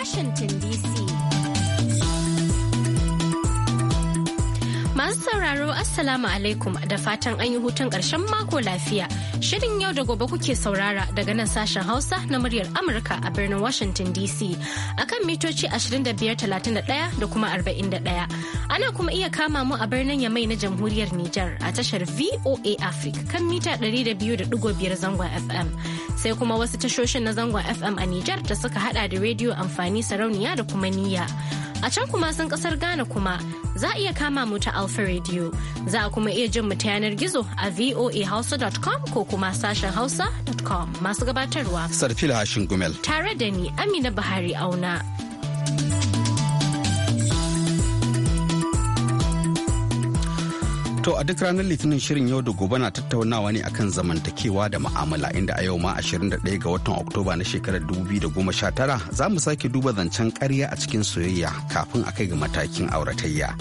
Washington, D.C. Assalamu alaikum da fatan an yi hutun ƙarshen mako lafiya. Shirin yau da gobe kuke saurara daga nan sashen Hausa na muryar Amurka a birnin Washington DC akan mitoci 2531 da kuma 41. Ana kuma iya kama mu a birnin Yamai na Jamhuriyar Nijar a tashar VOA Africa kan mita 200.5 zangon FM. Sai kuma wasu tashoshin na zangon FM a Nijar da suka hada da rediyo amfani sarauniya da kuma niyya. A can kuma sun kasar Ghana kuma za a iya kama mu ta Alpha Radio. Za a kuma iya jin mu ta yanar gizo a voahausa.com ko kuma sashen hausa.com masu gabatarwa. Sarfila Hashin Gumel. Tare da ni Amina Buhari Auna. To a duk ranar Litinin shirin yau da gobe na tattaunawa ne akan zamantakewa da ma'amala inda a yau ma 21 ga watan Oktoba na shekarar 2019 za mu sake duba zancen karya a cikin soyayya kafin a kai ga matakin auratayya.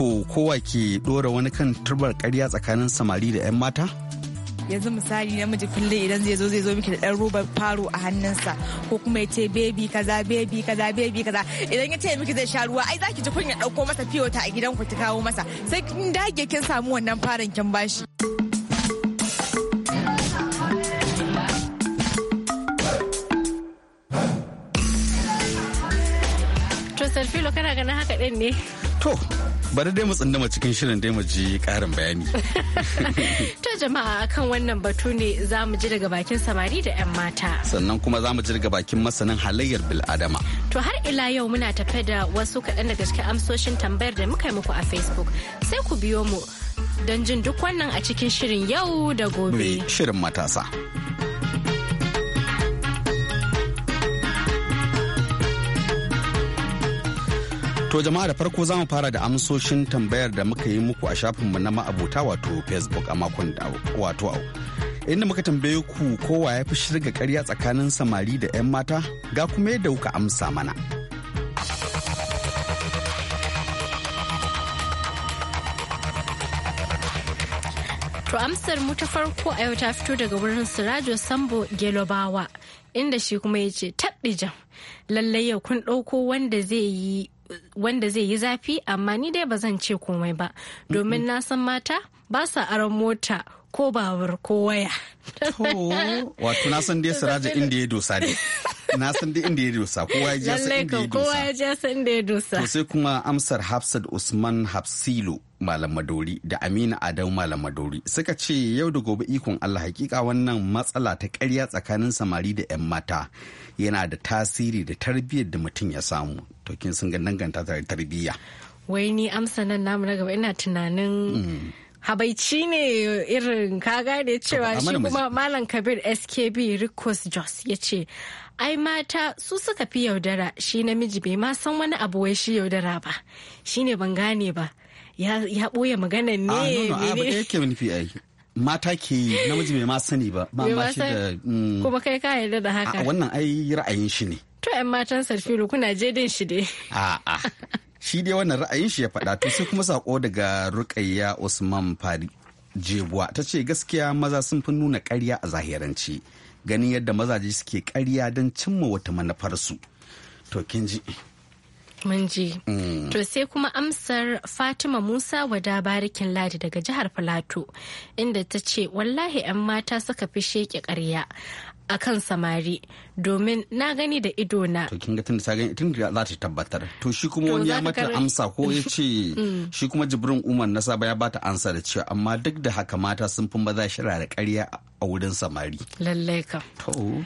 To kowa ke ɗora wani kan turbar karya tsakanin samari da 'yan mata? yanzu misali namiji kulle idan zai zo zai zo miki da dan robar faro a hannunsa ko kuma ya ce baby kaza baby kaza baby kaza idan ya ce miki zai sha ruwa ai zaki ji kunya dauko masa fiyota a gidan ku ta kawo masa sai kin dage kin samu wannan faran kin bashi to sarfilo kana ganin haka din ne To, bari dai mu tsindama cikin shirin dai mu ji karin bayani. to jama'a akan wannan batu ne za mu ji daga bakin samari da 'yan mata. Sannan kuma za mu ji daga bakin masanin halayyar bil'adama. To har ila yau muna tafe da wasu kaɗan daga cikin amsoshin tambayar da muka yi muku a Facebook. Sai ku biyo mu don jin duk wannan a cikin shirin yau da gobe. Shirin matasa. To jama'a da farko za mu fara da amsoshin tambayar da muka yi muku a shafinmu na ma'abota wato Facebook a makon da wato Inda muka tambaye ku kowa ya fi shirga karya tsakanin samari da 'yan mata ga kuma yadda kuka amsa mana. To amsar mu ta farko a yau ta fito daga wurin Sirajo Sambo Gelobawa inda shi kuma ya ce jan lallai yau kun ɗauko wanda zai yi wanda zai yi zafi amma ni dai ba zan ce komai ba domin na san mata ba sa aron mota ko babur ko waya. Wato na san dai siraja inda ya dosa ne. Na san dai inda ya dosa kowa ya jasa inda ya dosa. Lallai kowa ya ji inda ya dosa. To sai kuma amsar Hafsat Usman Hafsilo Malam Madori da Amina Adam Malam Madori suka ce yau da gobe ikon Allah hakika wannan matsala ta karya tsakanin samari da 'yan mata yana da tasiri da tarbiyyar da mutum ya samu. To kin sun danganta da tarbiyya. Wai ni amsa nan namu na gaba ina tunanin mm. habaici ne irin ka gane cewa shi kuma malam kabir skb rikos jos ya ce ai mata su suka fi yaudara shi namiji bai ma san wani abu wai shi yaudara ba shi ne ban gane ba ya ɓoye magana ne a nono a nufi mata ke namiji mai ma sani ba ma ba shi da mm. kuma kai ka yarda da haka wannan ai ra'ayin shi ne to ɗan matan sarfilu kuna je din shi dai a'a shi dai wannan ra'ayin shi ya faɗa to sai kuma sako daga rukayya usman fari jebuwa ta ce gaskiya maza sun fi nuna ƙarya a zahirance ganin yadda mazaje suke ƙarya don cimma wata manufarsu to kin ji Mun ji. Mm. To sai kuma amsar Fatima Musa wada barikin ladi daga jihar Filato inda ta ce wallahi 'yan mata suka fi sheke karya a kan samari domin na gani da idona. To kin ga tunda ta gani tunda za ta tabbatar. To shi kuma wani ya mata amsa ko ya ce mm. shi kuma Jibrin Umar na saba ya bata amsa da cewa amma duk da haka mata sun fi maza shirar da karya a wurin samari. Lallai ka. To.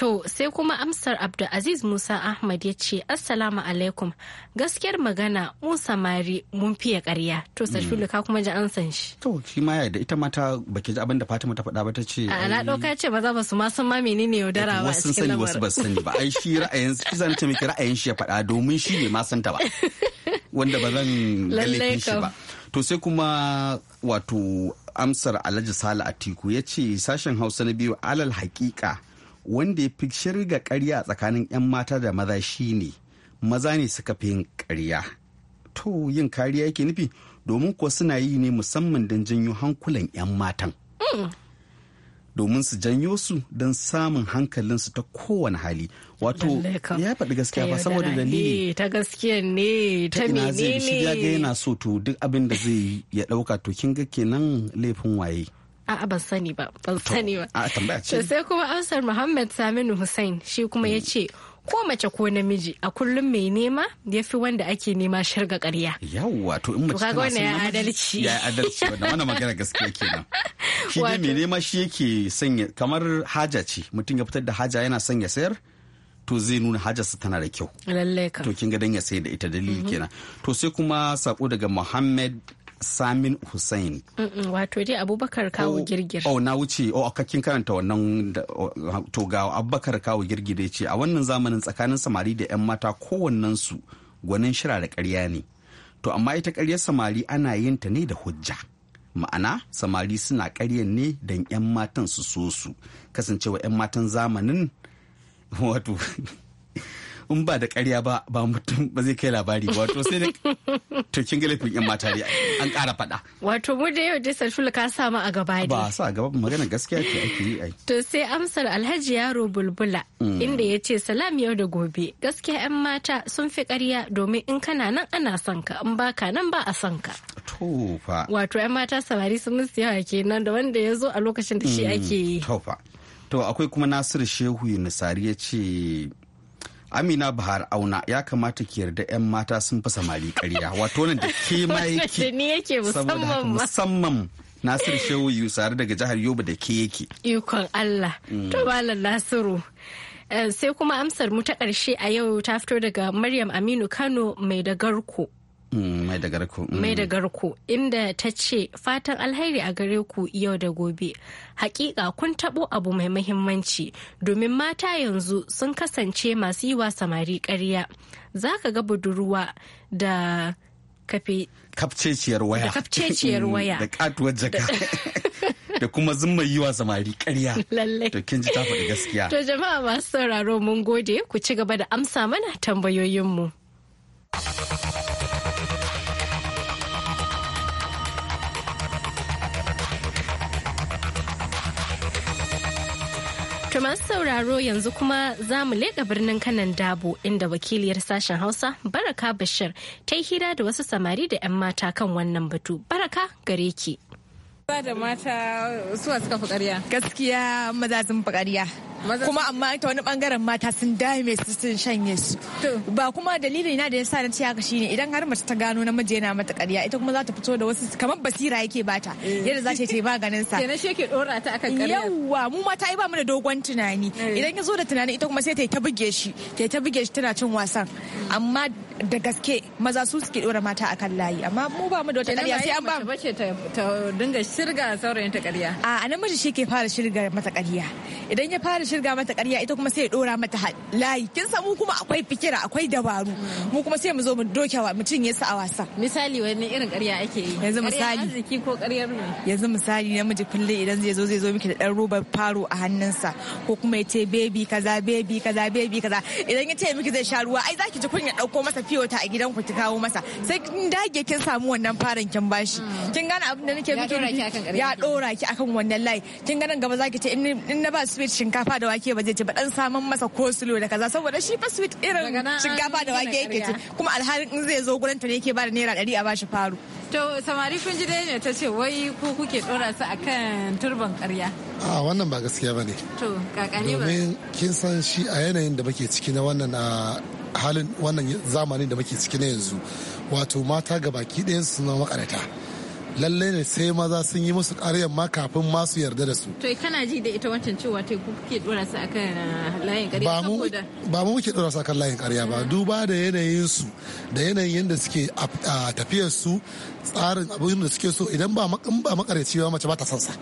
To sai kuma amsar aziz Musa Ahmad ya ce Assalamu alaikum gaskiyar magana mun samari mun fiye karya to Sarfilu mm. ka kuma ji an san shi. To shi ma yadda ita mata baki ji abin da Fatima ta faɗa ba ta ce. A na ɗauka ce ba za ba su ma san ma menene yaudara ba a cikin lamarin. Wasu sani wasu ba sani ba ai shi ra'ayin shi zan ce miki ra'ayin shi ya faɗa domin shi ne ma san ta ba. Wanda ba zan lalle shi ba. To sai kuma wato amsar Alhaji Sala Atiku ya ce sashen Hausa na biyu alal haƙiƙa. wanda ya fi shirga karya tsakanin 'yan mata da maza shine maza ne suka fi yin karya to yin kariya yake nufi domin kuwa suna yi ne musamman don janyo hankulan 'yan matan mm. domin su janyo su don samun hankalin su ta kowane hali wato ya faɗi gaskiya ba saboda dalili ta gaskiya ne ta ina zai shi ya yana so to duk abin da zai ya ɗauka to kin ga kenan laifin waye a'a ban sani ba ban sani ba tambaya ce. sai kuma amsar muhammad saminu hussein shi kuma ya ce ko mace ko namiji a kullum mai nema ya fi wanda ake nema shirga karya. Yawwa to in mace tana son ya adalci. Ya adalci wanda wannan magana gaskiya kenan. Shi dai mai nema shi yake sanya kamar haja ce mutum ya fitar da haja yana son ya sayar to zai nuna hajarsa tana da kyau. Lallai ka. To kin ga dan ya sayar da ita dalili mhm. kenan. To sai kuma sako daga Muhammad Samin Hussein. Wato dai Abubakar Kawu oh, Girgir. Oh, na wuce, oh, kakkin karanta wannan oh, to Abubakar Kawu Girgir ce a wannan zamanin tsakanin samari da 'yan mata kowannensu gwanin shira da ƙarya ne. To amma ita karyar samari ana yin ta ne da hujja. Ma'ana samari suna karya ne don 'yan matan su so su kasancewa 'yan matan zamanin in ba da ƙarya ba ba mutum ba zai kai labari ba wato sai to kin ga yan mata ne an ƙara faɗa wato mu da yau dai sarfila ka sa mu a gaba dai ba sa gaba ba magana gaskiya ce ake yi ai to sai amsar Alhaji Yaro Bulbula hmm. inda ya ce salam yau da gobe gaskiya yan mata sun fi ƙarya domin in kana nan ana son ka in baka nan ba a son ka to fa wato yan mata samari sun musu yawa kenan da wanda ya zo a lokacin da shi hmm. ake yi to fa to akwai kuma Nasiru Shehu Yunusari ya ce amina bahar auna ya kamata ki yarda 'yan mata sun fi samari ƙarya, wato nan da ke ma yake musamman nasiru shehu yusar daga jihar yobe da ke yake ikon allah mm. to malam nasiru eh, sai kuma amsar mu ta ƙarshe a yau ta fito daga maryam aminu kano mai da garko Mm, mai da garko mm. mai da garko inda ta ce fatan alheri a gare ku yau da gobe hakika kun tabo abu mai mahimmanci domin mata yanzu sun kasance masu yi wa samari karya za ka ga budurwa da kafe kafceciyar waya da kafceciyar mm, waya da katuwar jaka da kuma zumma yi wa samari karya lallai to kin ji ta faɗi gaskiya to jama'a masu sauraro mun gode ku ci gaba da amsa mana tambayoyinmu. mu To masu sauraro yanzu kuma za mu leƙa birnin kanan dabo inda wakiliyar sashen Hausa Baraka Bashir ta yi hira da wasu samari da 'yan mata kan wannan batu. Baraka gare ki. Ba da mata suwa suka fi ƙarya. Gaskiya maza sun fi ƙarya. kuma amma ita wani bangaren mata sun dame su sun shanye su ba kuma dalilin na da yasa na ce haka shine idan har mace ta gano namiji yana mata ƙarya ita kuma za ta fito da wasu kamar basira yake bata eh. yadda za ta yi maganin sa kenan shi yake dora ta akan ƙarya yawa mu mata ai ba mu da dogon tunani eh. idan ya zo da tunani ita kuma sai ta yi ta buge shi ta yi ta buge shi tana cin wasan amma da gaske maza su suke dora mata akan layi amma mu ba mu da wata ƙarya sai an ba mu bace ta dinga shirga saurayin ta ƙarya a namiji shi ke fara shirga mata ƙarya idan ya fara shirga mata ƙarya ita kuma sai ya dora mata layi kin san mu kuma akwai fikira akwai dabaru mu kuma sai mu zo mu doke wa mutum ya sa a wasa misali wani irin ƙarya ake yi yanzu misali arziki ko ƙaryar ne yanzu misali namiji kulle idan zai zo zai zo miki da dan robar faro a hannunsa ko kuma ya ce baby kaza baby kaza baby kaza idan ya ce miki zai sha ruwa ai zaki ji kunya dauko masa fiyota a gidan ku ki kawo masa sai kin dage kin samu wannan faran kin bashi hmm. kin gane abin da nake miki ya dora ki akan wannan layi kin gane gaba zaki ce in na ba sweet shinkafa da da wake ba zai ci ba dan saman masa kosulo da kaza saboda shi fa sweet irin shinkafa da wake yake ci kuma alhalin in zai zo gurin ta ne yake ba da naira dari a bashi faru. to samari kun ji dai ne ta ce wai ko kuke dora su akan turban karya. a wannan ba gaskiya ba to kakani ba. domin kin san shi a yanayin da muke ciki na wannan a halin wannan zamanin da muke ciki na yanzu wato mata ga baki ɗayan su na makarata. lallai ne sai maza sun yi musu ƙaryan ma kafin ma su yarda da su to kana ji da ita wancan cewa ta ku kuke dora su akan uh, layin ƙarya saboda ba mu muke dora su akan layin ƙarya ba ah. duba da yanayin su da yanayin yadda suke a tafiyar su tsarin abin da suke so idan ba makareci ba mace ba ta son sa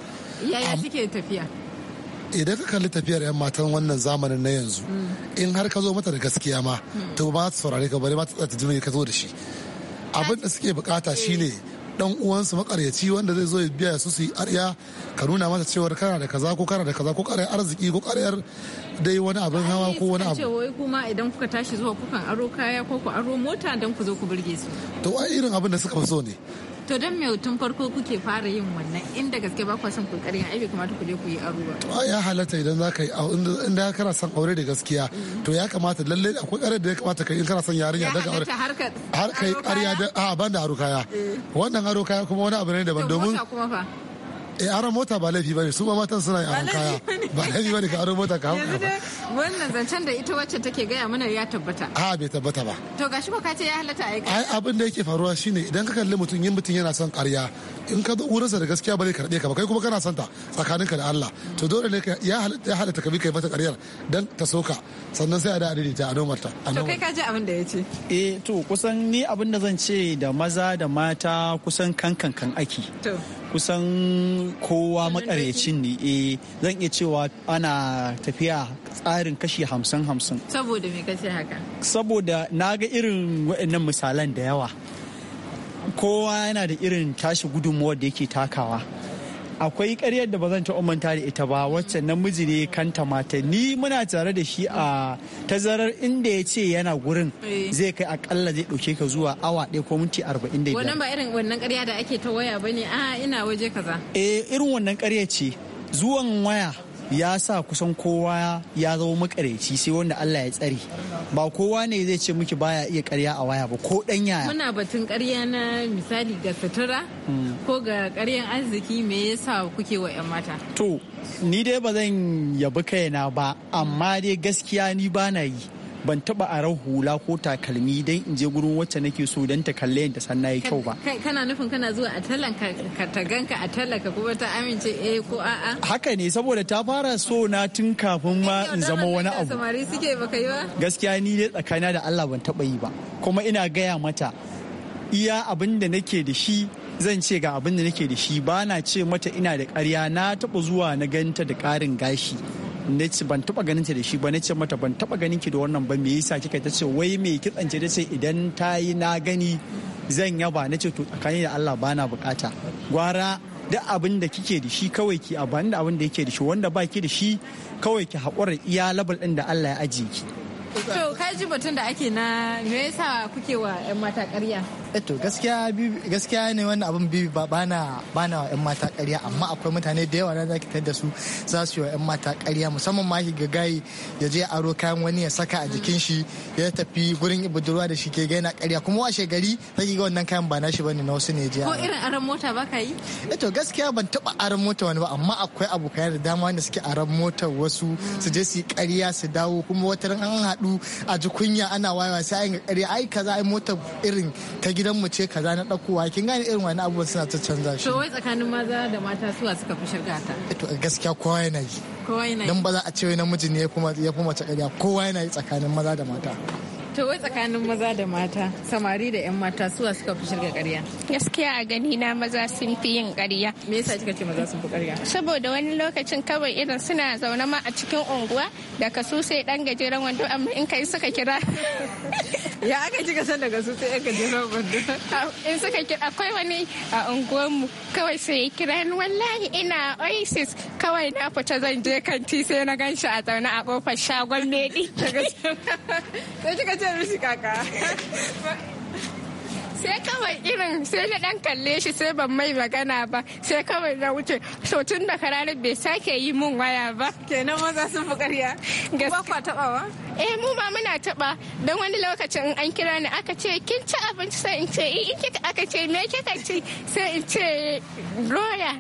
yaya suke tafiya idan ka kalli tafiyar 'yan matan wannan zamanin na yanzu hmm. in har ka zo mata da gaskiya ma hmm. to ba ta saurare ka bari ma ta ji ka zo da shi abin da suke bukata shine eh. dan uwansu makaryaci wanda zai zo ya biya su su yi arya ka nuna masa cewa kana da kaza ko kana da kaza ko karyar arziki ko karyar dai wani abin hawa ko wani abu. wai kuma idan kuka tashi zuwa kukan aro kaya ko ku aro mota don ku zo ku burge su. to wai irin abin da suka fi so ne to don me tun farko kuke fara yin wannan inda gaske ba ku son ku ƙarya ai bai kamata ku je ku yi aro ba to ya halatta idan za ka yi inda kana son aure da gaskiya to ya kamata lalle akwai ƙarar da ya kamata kai in kana son yarinya daga aure har kai ƙarya da a ban da aro kaya eh. wannan aro kaya kuma wani abu ne daban domin eh aron mota ba laifi bane su ma matan suna yi aron kaya ba laifi bane ka aron mota ka hau yanzu wannan zancen da ita wacce take gaya mana ya tabbata a ah, bai tabbata ba to gashi ba ka ce ya halatta aika ai abin da yake faruwa shine idan ka kalli mutum yin mutum yana son ƙarya in ka zo wurinsa da gaskiya ba zai karɓe ka ba kai kuma kana son ta tsakaninka da Allah to dole ne ya halatta ya halatta ka bi kai mata ƙaryar dan ta soka sannan sai a da ta a nomarta to kai ka ji abin da ya ce eh to kusan ni abin da zan ce da maza da mata kusan kankan kan to kusan kowa makarecin ne eh zan iya cewa ana tafiya tsarin kashi hamsin hamsin saboda me kace haka saboda na ga irin waɗannan misalan da yawa kowa yana da irin tashi gudunmuwar da yake takawa akwai karyar da ba zan taɓa manta da ita ba wacce namiji ne kanta mata ni muna tare da shi a tazarar inda ya ce yana gurin eh. zai kai akalla zai ɗauke ka zuwa awa ɗaya ko minti arba'in da biyar. wannan ba irin wannan karya da ake ta waya ba ne a ina waje kaza. eh irin wannan karya ce zuwan waya ya sa kusan kowa ya zama makareci sai wanda Allah ya tsare ba kowa ne zai ce miki baya iya karya a waya ba ko dan yaya muna batun karya na misali ga sutura hmm. ko ga karyan arziki me yasa kuke wa yan mata to ni dai ba zan yabi kaina ba amma dai gaskiya ni ba na yi ban taba a hula ko takalmi dai in je gurin wacce nake so don ta kalle ta san ya kyau ba kana nufin kana zuwa a talanka ka ta ganka a ka kuma ta amince eh ko a'a haka ne saboda ta fara so na tun kafin ma in zama wani abu gaskiya ni dai tsakana da Allah ban taba yi ba kuma ina gaya mata iya abin da nake da shi zan ce ga abin da nake da shi ba na ce mata ina da karya na taba zuwa na ganta da ƙarin gashi na ce ban taɓa ganin ta da shi ba na ce mata ban taɓa ganin ki da wannan ba me yasa kika ta ce wai me kitsance ta ce idan ta yi na gani zan yaba na ce to tsakani da Allah ba na bukata gwara da abin da kike da shi kawai ki abin da abin da yake da shi wanda ba ki da shi kawai ki haƙura iya labal ɗin da Allah ya ajiye ki. To kai ji batun da ake na me yasa kuke wa 'yan mata ƙarya? eto eh, gaskiya gaskiya ne wannan abin bibi ba bana bana wa yan mata ƙarya amma akwai mutane da yawa na zaki tar da su za su yi wa yan mata ƙarya musamman ma ga gayi ya je aro kayan wani ya saka a jikin shi ya tafi gurin budurwa da shi ke gaina ƙarya kuma washe gari zaki ga wannan kayan ba na shi bane na wasu ne jiya ko irin aran mota ba ka yi eto eh, gaskiya ban taba aran mota wani ba amma akwai abokai da dama wanda suke aran mota wasu su je su yi ƙarya su dawo kuma wata an haɗu a ji kunya ana wayewa sai an ga ƙarya ai kaza ai motar irin ta gida gidan mu ce kaza na ɗaukowa kin gane irin wani abubuwan suna ta canza shi. To wai tsakanin maza da mata suwa suka fi shirga ta. Eh to gaskiya kowa yana yi. Kowa yana yi. Dan ba za a ce wai namiji ne ya fi mace ƙarya kowa yana yi tsakanin maza da mata. To wai tsakanin maza da mata, samari da 'yan mata suwa suka fi shirga ƙarya. Gaskiya a gani na maza sun fi yin ƙarya. Me yasa kika ce maza sun fi ƙarya? Saboda wani lokacin kawai irin suna zaune ma a cikin unguwa da kasu sai dan gajeren wando amma in kai suka kira. ya aka ji san daga su sai aka jira in suka kira akwai wani a unguwarmu kawai sai ya kira ni wallahi ina oasis kawai na fita zan je kanti sai na gan shi a zaune a kofar shagon medi sai kika ce kaka sai kawai irin sai na dan kalle shi sai ban mai magana ba sai kawai na wuce so tun da ranar bai sake yi mun waya ba kenan maza sun fi ƙarya ba kwa tabawa eh mu ba muna taba dan wani lokacin in an kira ni aka ce kin ci abinci sai in ce eh, in kika aka ce me kika ci sai in ce doya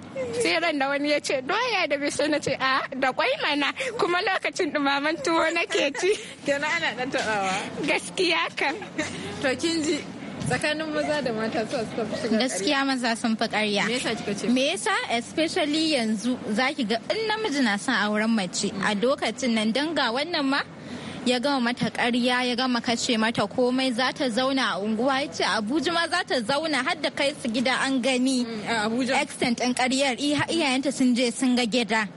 sai ran da wani ya ce doya da biso na ce a ah, da kwai mana kuma lokacin dumaman tuwo nake ci kenan ana dan tabawa gaskiya kan to kin ji tsakanin maza da mata su suka fi shiga gaskiya maza sun fi ƙarya me yasa kika ce me yasa especially yanzu zaki ga in namiji na son auren mace a mm. lokacin nan dan ga wannan ma ya gama mata karya ya gama kashe mata komai za ta zauna a unguwa ya ce abuja ma za ta zauna har da kai su gida an gani extent mm, ɗin karyar iyayenta sun je sun ga gida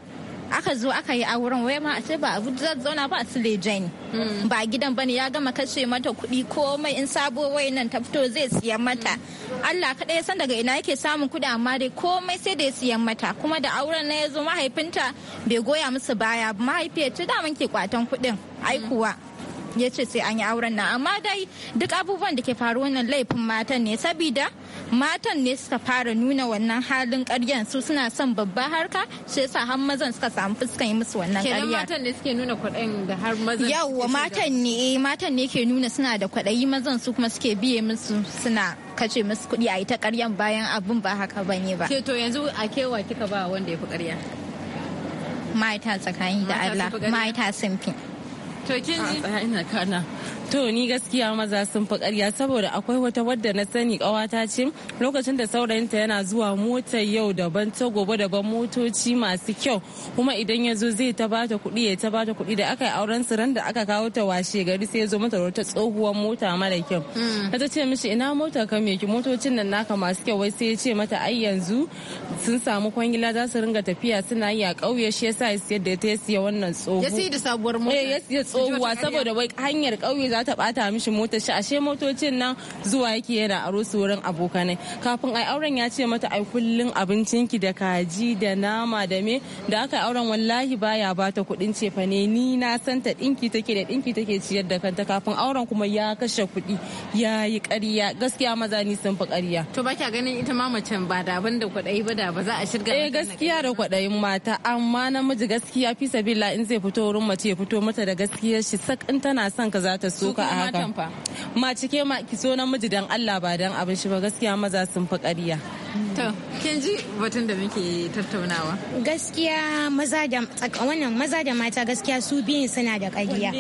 aka zo aka yi auren wai ma sai ba abu da zauna ba su lejani hmm. ba gidan bane ya gama kashe mata kuɗi komai in sabo wai nan ta fito zai siyan mata hmm. Allah kaɗai ya san daga ina yake samun kuɗi amma dai komai sai da siyan mata kuma da auren na ya zo mahaifinta bai goya musu baya mahaifiyar ce daman ke kwatan kuɗin aikuwa hmm. ya ce sai an yi auren na amma dai duk abubuwan da ke faruwa nan laifin matan ne sabida matan ne suka fara nuna wannan halin karyar su suna son babba harka shi yasa har mazan suka samu fuskan yi musu wannan karyar kenan matan ne suke nuna kwaɗayin da har mazan yawwa matan ne eh, matan ne ke nuna suna da kwaɗayi mazan su kuma suke biye musu suna kace musu kuɗi a yi ta ƙaryan bayan abin ba haka ne ba to yanzu a kewa kika ba wanda ya fi ƙarya mata tsakani da Allah ma'aita sun fi to kin ji ina kana To ni gaskiya maza sun fi karya saboda akwai wata wadda na sani ƙawata ce lokacin da saurayinta yana zuwa motar yau daban ta gobe daban motoci masu kyau kuma idan ya zo zai ta bata kuɗi ya ta bata kuɗi da aka yi auren su ran da aka kawo ta washe gari sai ya zo mata wata tsohuwar mota mara kyau. Mm. Ta ce mishi ina motar ka me ki motocin nan naka masu kyau wai sai ya ce mata ai yanzu sun samu kwangila za su ringa tafiya suna yi a ƙauye shi yasa ya siyar da ta siya wannan tsoho. Ya siya da sabuwar mota. Eh, ya siya tsohuwa saboda wai hanyar ƙauye za ta bata mishi motar shi ashe motocin nan zuwa yake yana aro su wurin abokanai kafin ai auren ya ce mata ai kullun abincin ki da kaji da nama da me da aka auren wallahi baya bata kuɗin cefane ni na san ta dinki take da dinki take ciyar da kanta kafin auren kuma ya kashe kuɗi ya yi ƙarya gaskiya maza ni sun fi ƙarya to ba kya ganin ita ma macen ba da abin da kwaɗayi ba da ba za a shirga eh gaskiya da kwaɗayin mata amma namiji gaskiya fi sabila in zai fito wurin mace ya fito mata da gaskiyar shi sak in tana son ka za ta so duka a haka ma cike ma ki so namiji dan Allah ba dan abin shi ba gaskiya maza sun fi ƙarya to kin ji batun da muke tattaunawa gaskiya maza da wannan maza da mata gaskiya su biyun suna da ƙarya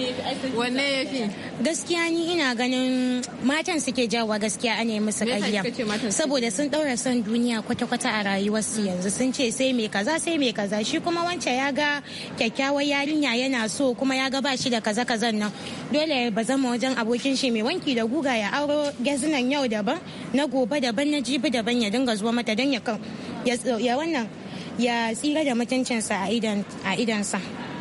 wanne yafi gaskiya ni ina ganin matan suke jawa gaskiya ane musu ƙarya saboda sun daura son duniya kwata-kwata a rayuwarsu yanzu sun ce sai me kaza sai me kaza shi kuma wancan ya ga kyakkyawar yarinya yana so kuma ya ga ba shi da kaza-kazan nan dole ba zan kama wajen abokin shi mai wanki da guga ya auro gazinan yau daban na gobe daban na jibi daban ya dinga zuwa mata don ya wannan ya tsira da mutuncinsa a idansa.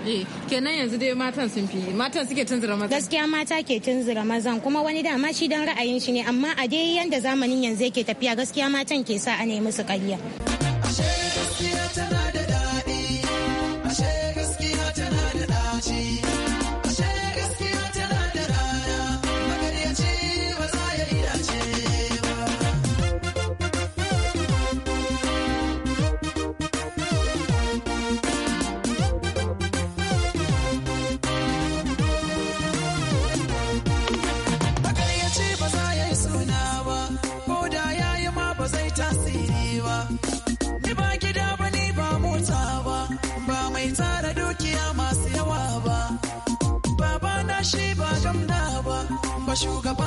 Eh, kenan yanzu dai matan sun fi matan suke tunzura mazan gaskiya mata ke tunzura mazan kuma wani dama shi dan ra'ayin shi ne amma a dai yanda zamanin yanzu yake tafiya gaskiya matan ke sa a nemi su ƙarya. shugaba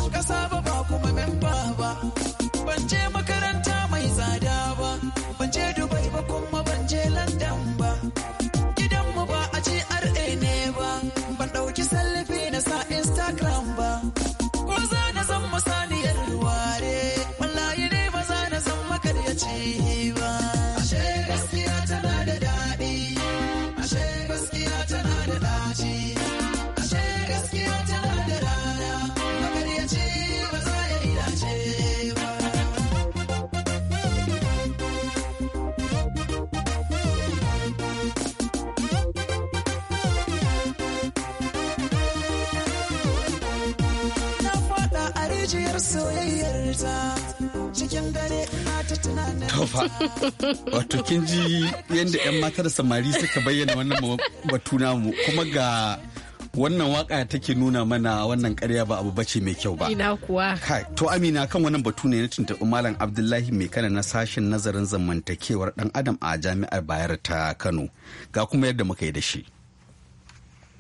Tofa, wato kin ji yadda 'yan mata da samari suka bayyana wannan batu namu kuma ga wannan waka take nuna mana wannan karya ba abu bace mai kyau ba. Ina kuwa. Kai, to Amina kan wannan batu ne na tuntaɓi Malam Abdullahi mai kana na sashen nazarin zamantakewar ɗan Adam a jami'ar bayar ta Kano. Ga kuma yadda muka yi da shi.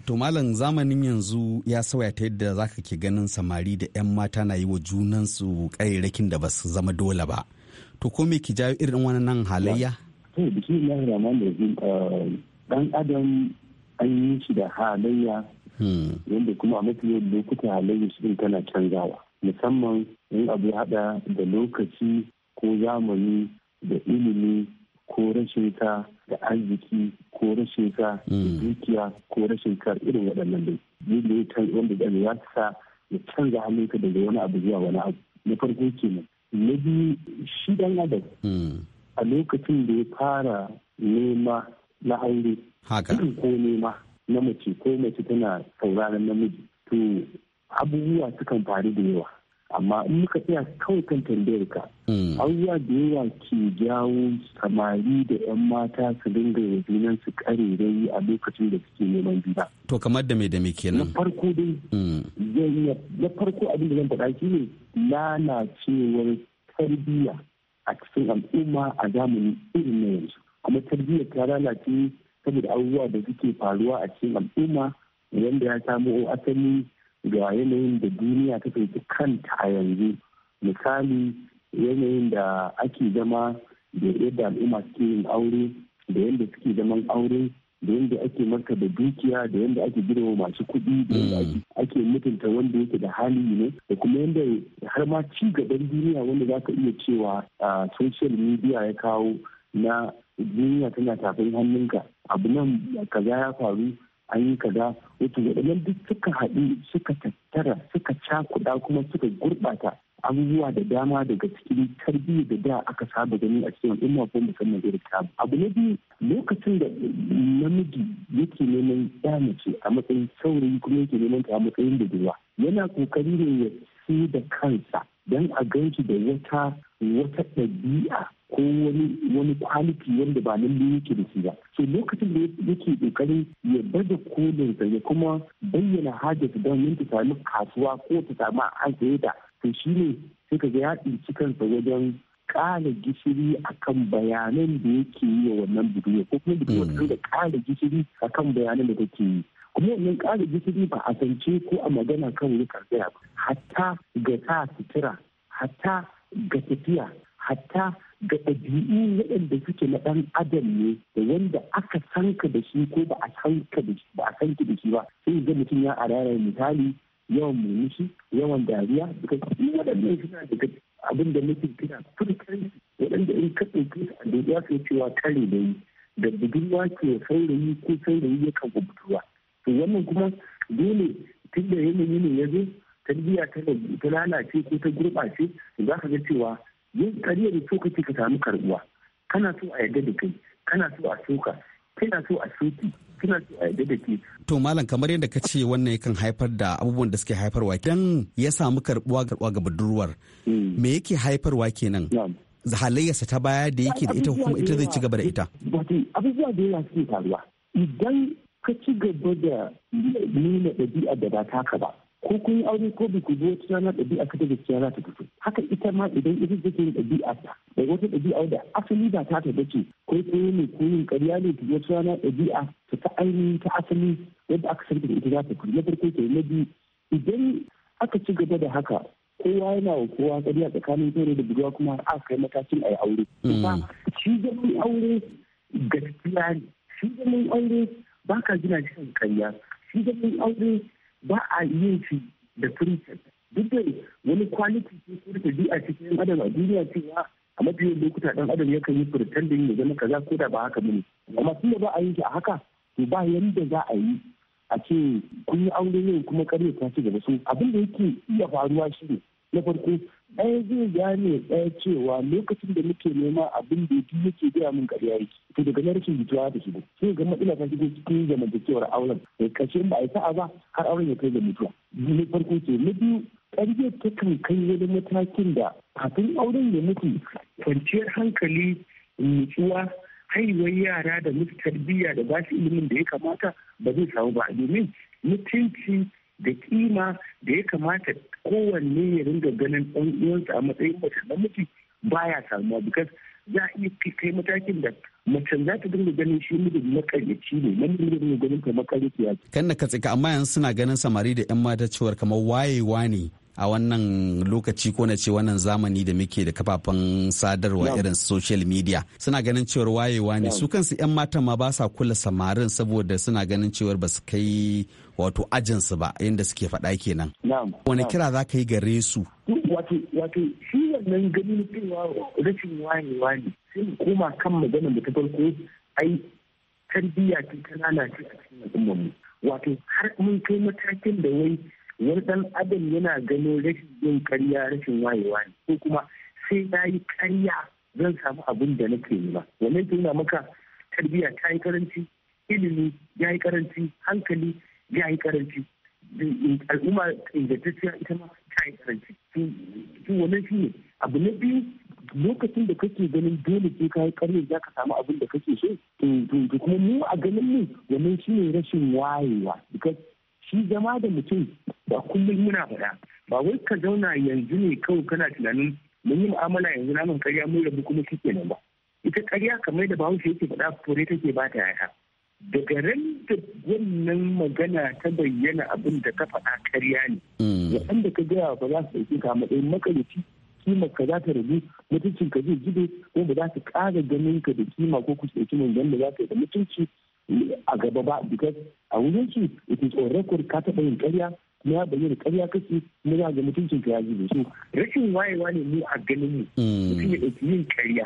to malam zamanin yanzu ya sauya ta yadda zaka ke ganin samari da 'yan mata na yi wa junansu ƙayyarakin da ba su zama dole ba to ko me ki jawo irin wannan halayya to dan eh, adam an yi shi da halayya hmm. yadda kuma a mafi lokuta halayyar shi tana canzawa musamman in abu hada da lokaci ko zamani da ilimi ko rashin ka da arziki ko rashin ka da mm. dukiya ko rashin ka irin waɗannan dai yadda ya ta wanda da ya sa ya canza ka daga wani abu zuwa wani abu na farko kenan na biyu shi dan adam mm. a lokacin da ya fara nema na aure ko nema na mace ko mace tana sauraron namiji to abubuwa sukan faru da yawa amma in muka tsaya kawai kan tambayar ka hmm. abubuwa da yawa ke jawo samari da 'yan mata su dinga yi su karerai a lokacin da suke neman gida to kamar da me da me kenan na farko dai hmm. na farko abin da zan faɗa shi ne lalacewar tarbiyya a cikin al'umma a zamanin irin na yanzu kuma tarbiyya ta lalace saboda abubuwa da suke faruwa a cikin al'umma wanda ya samu asali ga yanayin da duniya ta fi kanta a yanzu misali yanayin da ake zama da yadda al'umma suke yin aure da yadda suke zaman aure da yadda ake marka da dukiya da yadda ake girma masu kuɗi da mm. ake mutunta wanda yake da hali ne da kuma yadda har ma ci gaban duniya wanda za ka iya cewa a social media ya kawo na duniya tana tafin hannunka abu nan kaza ya faru an yi kaza wato waɗannan duk suka haɗu suka tattara suka cakuɗa kuma suka gurɓata abubuwa da dama daga cikin tarbiyyar da da aka saba gani a cikin al'umma ko musamman irin ta abu na biyu lokacin da namiji yake neman ya ce a matsayin saurayi kuma yake neman ta a matsayin budurwa yana kokari ne ya da kansa don a ganci da wata wata ɗabi'a ko wani wani kwaliti wanda ba lalle yake da shi ba so lokacin da yake kokarin ya da kolin sa ya kuma bayyana hajar don yin ta samu kasuwa ko ta samu an saye ta to shine sai ka ga ya tsinci kansa wajen ƙara gishiri akan bayanan da yake yi wa wannan budurwa ko kuma budurwa da kala mm. gishiri akan bayanan da take yi kuma wannan ƙara gishiri ba a sance ko a magana kan wani karfiya ba hatta ga sa sutura hatta ga tafiya hatta ga ɗabi'u waɗanda suke na ɗan adam ne da wanda aka sanka da shi ko ba a sanka da shi ba a da shi ba sai ga mutum ya arara misali yawan murmushi yawan dariya duka waɗannan suna daga abin da mutum kira furkar waɗanda in ka ɗauke su a duniya sai cewa kare da yi da budurwa ke saurayi ko saurayi ya kan budurwa to wannan kuma dole tun da yanayi ne ya zo tarbiyya ta lalace ko ta gurɓace za ka ga cewa yin kariya da so kake ka samu karbuwa kana so a yarda da kai kana so a soka kina so a soki kina so a yarda da ke. to malam kamar yadda ka ce wannan yakan haifar da abubuwan da suke haifarwa dan ya samu karbuwa karbuwa ga budurwar hmm. me yake haifarwa kenan halayyarsa ta baya da yake da ita kuma ita zai ci gaba da ita. Wato abubuwa da yawa suke faruwa idan ka ci gaba da nuna ɗabi'a da ba taka ba ko kun yi aure ko ba biyu wata rana ɗabi'a ka ta gaskiya za ta fito haka ita ma idan ita take yin ɗabi'a ta da wata ɗabi'a da asali ba ta ta bace ko ko ne ko yin ƙarya ne ta wata rana ɗabi'a ta ta ainihin ta asali yadda aka san da ita za ta fito na farko ke na biyu idan aka ci gaba da haka kowa yana wa kowa ƙarya tsakanin saurayi da budurwa kuma aka kai matakin a yi aure. Mm. shi zaman aure gaskiya ne shi zaman aure ba ka gina shi ƙarya shi zaman aure ba a yin shi da preset duk da wani kwaliti ce ko da tabi'a a cikin adam a duniya cewa a yin lokuta dan adam yakan yi pretending ya zama kaza ko da ba haka bane amma da ba a yin shi a haka to ba yanda za a yi a ce kun yi aure ne kuma karya ta ci gaba so abin da yake iya faruwa shi ne na farko ɗaya zai gane ɗaya cewa lokacin da muke nema abin da yake yake gaya min ƙarya yake to daga nan rashin jituwa ta shigo sai ga matsala ta shigo cikin zamantakewar auren da kashe ba a yi sa'a ba har auren ya kai ga mutuwa na farko ce na biyu Ƙarfe ta kan kai wani matakin da kafin auren ya mutu kwanciyar hankali nutsuwa haihuwar yara da musu tarbiyya da ba su ilimin da ya kamata ba zai samu ba domin mutunci da kima da ya kamata kowanne ya ringa ganin ɗan uwansa a matsayin mace ba baya samuwa bikas za a iya kai matakin da macen za ta dinga ganin shi mijin makaryaci ne nan da dinga ganin ka makaryaci ya kan na katse amma yanzu suna ganin samari da yan mata cewar kamar wayewa ne a wannan lokaci ko na ce wannan zamani da muke da kafafen sadarwa irin social media suna ganin cewar wayewa ne su kansu 'yan matan ma ba sa kula samarin saboda suna ganin cewar ba su kai wato ajinsu ba yadda suke faɗa kenan wani kira za ka yi gare su wato shi wannan ganin cewa rashin wayewa ne sai mu kan magana da ta farko ai tarbiyya ta lalace a cikin al'ummarmu wato har mun kai matakin da wai wani dan adam yana gano rashin yin karya rashin wayewa ne ko kuma sai na yi karya zan samu abin da nake yi ba wannan ke nuna maka tarbiyya ta yi karanci ilimi ya yi karanci hankali ya yi karanci al'umma ingantacciya ita ma ta yi karanci to wannan shi ne abu na biyu lokacin da kake ganin dole ke kayi yi karya za ka samu abin da kake so to kuma mu a ganin mu wannan shi ne rashin wayewa because shi zama da mutum ba kullum muna faɗa ba wai ka zauna yanzu ne kawai kana tunanin mun yi mu'amala yanzu na mun karya mun rabu kuma kike nan ba ita karya kamar da bahaushe yake faɗa fure take ba ta yaya daga ran da wannan magana ta bayyana abin da ka faɗa karya ne mm. waɗanda ka gaya ba za su ɗauki ka matsayin makalici kima ka za ta rabu mutuncin ka zai jibe ko ba za su ƙara ganin ka da kima ko ku ɗauki mai da za ka yi da mutunci a gaba ba because a wurin su it is on record ka taɓa yin karya kuma ya bayyana ƙarya kake kuma ya ga mutuncin ka ya zube so rashin wayewa ne mu a ganin mu hmm. mutum ya ɗauki yin karya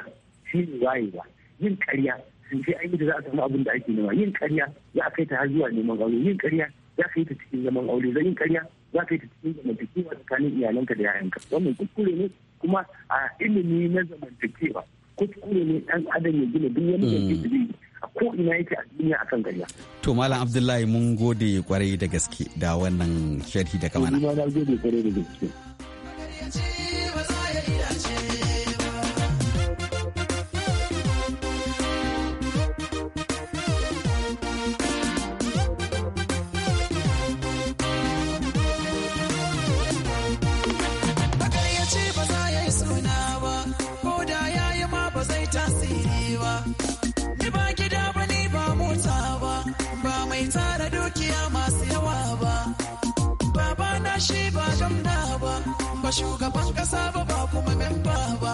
shi ne wayewa yin karya sun ce an yi da za a samu abin da ake nema yin karya za a kai ta har zuwa neman aure yin karya za a ta cikin zaman aure zan yin ƙarya za ka ta cikin zamantakewa tsakanin iyalanka da ka wannan kuskure ne kuma a ilimi na zamantakewa kuskure ne ɗan adam ya gina duk wani hmm. da ke a ko ina yake a duniya akan gariya. To Malam Abdullahi mun gode kwarai da gaske da wannan sharhi da kamana. Mun gode kwarai da gaske. shugaban kasa ba ba kuma memba ba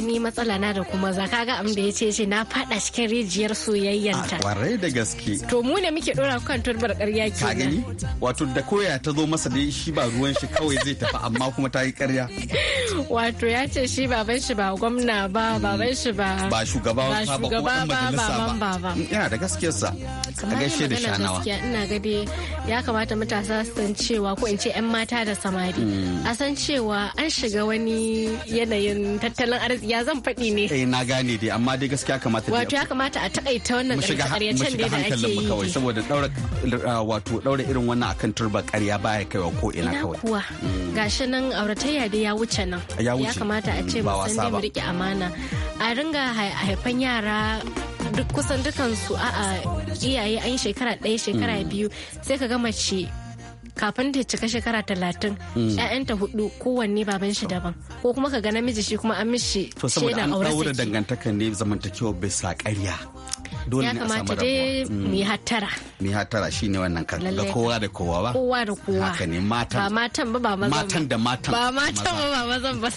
matsala na da kuma za kaga abin da ya ce ce na fada cikin rijiyar soyayyanta kwarai da gaske to mu ne muke dora kan turbar karya ke ka gani wato da koya ta zo masa dai shi ba ruwan shi kawai zai tafi amma kuma ta yi ƙarya wato ya ce shi baban shi ba gwamna ba hmm. baban shi ba ba shugaba ba shugaba ba ba ba ba Ina hmm, da gaskiyar sa a gaishe da shanawa ina ga dai ya kamata matasa su san cewa ko in ce yan mata da samari hmm. a san cewa an shiga wani yanayin tattalin arziki ya zan faɗi ne eh na gane dai amma dai gaskiya kamata wato ya kamata a takaita wannan ƙaryace-ƙaryacen da ake yi kawai saboda daura ah, wato daura irin wannan akan turba ƙarya baya kaiwa ko ina kawai gashi nan auratayya dai ya wuce nan ya wuce ya kamata a ce ba wasa rike amana a ringa haifan yara duk kusan dukansu a'a iyaye an shekara ɗaya shekara mm. biyu sai ka ga mace kafin ta cika shekara talatin mm. ta hudu kowanne baban shi daban ko kuma ka ga namiji shi kuma an mishi shaidan aure to saboda an da dangantakar ne zamantakewa bisa ƙarya dole ne a samu rabuwa ya kamata dai mm. mu hattara mu hattara shine wannan kan da kowa da kowa ba kowa da kowa haka ne matan ba matan ba ba mazan matan da matan ba matan ba ba mazan ba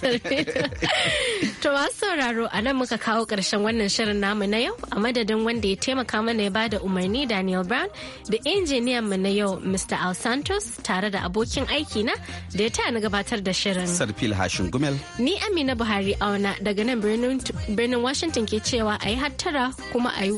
to ba sauraro a nan muka kawo karshen wannan shirin namu na yau a madadin wanda ya taimaka mana ya ba da umarni Daniel Brown da injiniyan mu na yau Mr. Al Santos tare da abokin aiki na da ya taya na gabatar da shirin Sarfil Hashin Gumel ni Amina Buhari auna daga nan birnin Washington ke cewa a yi hattara kuma a yi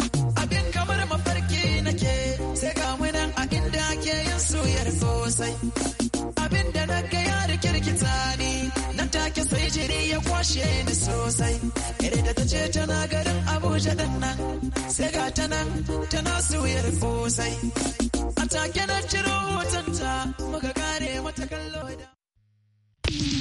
sosai abin da na ga ya kirkita ni nan take sai jiri ya kwashe ni sosai iri da ta ce tana garin abuja din nan sai ga ta nan tana suyar kosai a take na ciro hotonta muka gare mata kallo da